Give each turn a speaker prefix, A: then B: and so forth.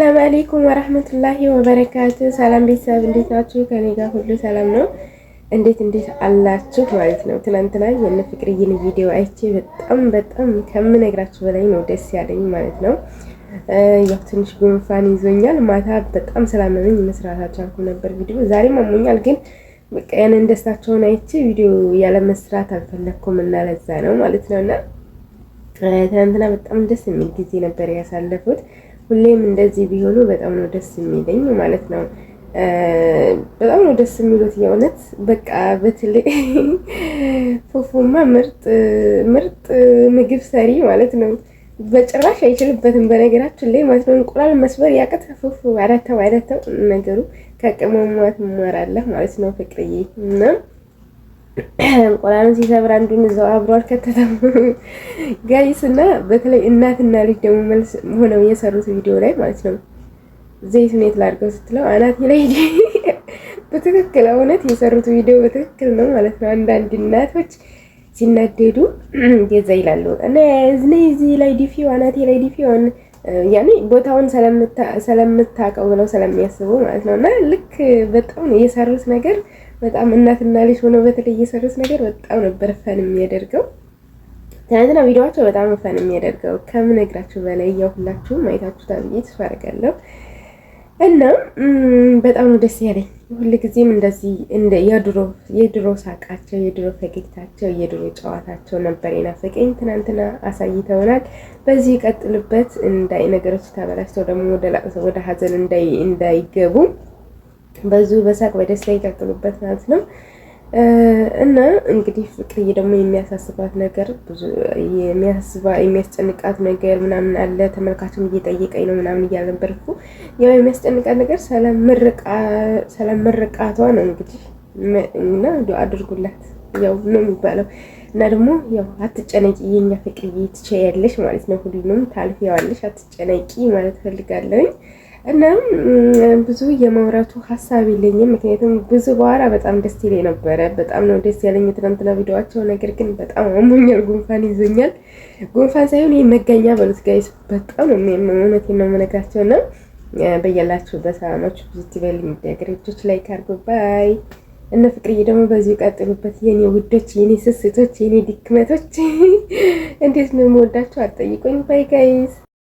A: ሰላም አሌይኩም ወረህመቱላሂ ወበረካቱ። ሰላም ቤተሰብ እንዴት ናችሁ? ከኔ ጋር ሁሉ ሰላም ነው። እንዴት እንዴት አላችሁ ማለት ነው። ትናንትና የነ ፍቅርዬን ቪዲዮ አይቼ በጣም በጣም ከምነግራችሁ በላይ ነው ደስ ያለኝ ማለት ነው። ያው ትንሽ ጉንፋን ይዞኛል። ማታ በጣም ስላመመኝ መስራት አልቻልኩም ነበር ቪዲዮ። ዛሬም አሞኛል፣ ግን በቃ ያንን ደስታቸውን አይቼ ቪዲዮ ያለ መስራት አልፈለግኩም እና ለዛ ነው ማለት ነው። ትናንትና በጣም ደስ የሚል ጊዜ ነበር ያሳለፉት ሁሌም እንደዚህ ቢሆኑ በጣም ነው ደስ የሚለኝ ማለት ነው። በጣም ነው ደስ የሚሉት የእውነት በቃ በተለይ ፉፉማ ምርጥ ምርጥ ምግብ ሰሪ ማለት ነው። በጭራሽ አይችልበትም። በነገራችን ላይ ማለት ነው እንቁላል መስበር ያቀት ፉፉ አዳተው አዳተው ነገሩ ከቅመሟት ትማራለህ ማለት ነው ፍቅርዬ እና እንቁላሉን ሲሰብር አንዱን እዛው አብሮ አልከተተም ጋይስ። እና በተለይ እናትና ልጅ ደግሞ መልስ ሆነው የሰሩት ቪዲዮ ላይ ማለት ነው ዘይት ኔት ላድርገው ስትለው አናት ላይ በትክክል እውነት የሰሩት ቪዲዮ በትክክል ነው ማለት ነው። አንዳንድ እናቶች ሲናደዱ የዛ ይላሉ እና እዚህ ላይ ዲፊ አናቴ ላይ ዲፊ ያኔ ቦታውን ስለምታውቀው ብለው ስለሚያስቡ ማለት ነው። እና ልክ በጣም የሰሩት ነገር በጣም እናትና ልጅ ሆነው በተለይ የሰሩት ነገር በጣም ነበር ፈን የሚያደርገው። ትናንትና ቪዲዮቸው በጣም ፈን የሚያደርገው ከምነግራችሁ በላይ ያው ሁላችሁም አይታችሁታል ብዬ ተስፋ አደርጋለሁ። እና በጣም ነው ደስ ያለኝ። ሁልጊዜም እንደዚህ እንደ የድሮ የድሮ ሳቃቸው፣ የድሮ ፈገግታቸው፣ የድሮ ጨዋታቸው ነበር የናፈቀኝ። ትናንትና አሳይተውናል። በዚህ ይቀጥልበት። እንዳይ ነገሮች ተበላሽተው ደግሞ ወደ ላቅሶ ወደ ሀዘን እንዳይገቡ በዙ በሳቅ በደስታ ይቀጥሉበት ማለት ነው። እና እንግዲህ ፍቅርዬ ደግሞ የሚያሳስባት ነገር ብዙ የሚያስጨንቃት ነገር ምናምን አለ። ተመልካቹም እየጠየቀኝ ነው ምናምን እያለ ነበር ያው የሚያስጨንቃት ነገር ሰላም መረቃቷ ነው እንግዲህ እና አድርጉላት ያው ነው የሚባለው። እና ደግሞ ያው አትጨነቂ የኛ ፍቅርዬ ያለሽ ማለት ነው። ሁሉንም ታልፊያለሽ አትጨነቂ ማለት ፈልጋለሁኝ። እናም ብዙ የማውራቱ ሀሳብ የለኝም። ምክንያቱም ብዙ በኋላ በጣም ደስ ይለኝ ነበረ። በጣም ነው ደስ ያለኝ ትናንትና ቪዲዮዋቸው። ነገር ግን በጣም አሞኛል፣ ጉንፋን ይዞኛል። ጉንፋን ሳይሆን ይህ መገኛ በሉት ጋይስ። በጣም እውነት ነው የምነግራቸው ነው። በያላችሁበት ሰላማችሁ ብዙ ይበል። የሚደግር ልጆች ላይ ካርጎ ባይ እነ ፍቅርዬ ደግሞ በዚሁ ቀጥሉበት። የኔ ውዶች፣ የኔ ስስቶች፣ የኔ ድክመቶች እንዴት ነው የምወዳቸው አጠይቆኝ ባይ ጋይስ